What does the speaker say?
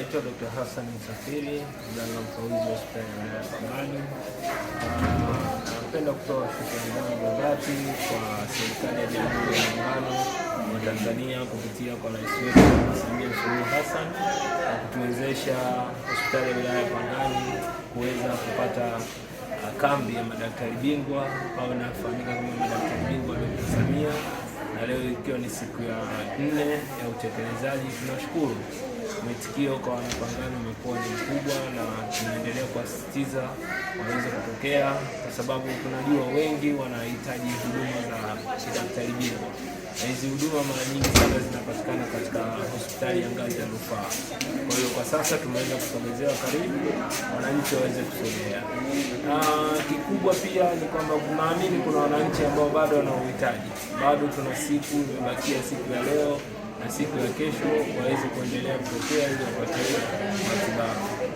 Naitwa Dr. Hassan Msafiri, mganga mfawidhi wa hospitali ya wilaya ya ah, Napenda kutoa shukrani zangu za dhati kwa serikali ya Jamhuri ya Muungano wa Tanzania kupitia kwa rais wetu Samia Suluhu Hassan na kutuwezesha hospitali ya wilaya ya Pambani kuweza kupata ah, kambi ya madaktari bingwa au inafahamika kama madaktari bingwa Dr. Samia, na leo ikiwa ni siku ya nne ya utekelezaji, tunashukuru mwitikio kwa wanapangani umekuwa ni mkubwa, na tunaendelea kuwasisitiza waweze kutokea, kwa sababu tunajua wengi wanahitaji huduma za kidaktari bingwa, na hizi huduma mara nyingi sana zinapatikana katika hospitali ya ngazi ya rufaa. Kwa hiyo kwa sasa tumeweza kusogezewa karibu, wananchi waweze kusogea, na kikubwa pia ni kwamba tunaamini kuna wananchi ambao bado wana uhitaji, bado tuna siku imebakia, siku ya leo na siku ya kesho waweze kuendelea kupokea ili wapate matibabu.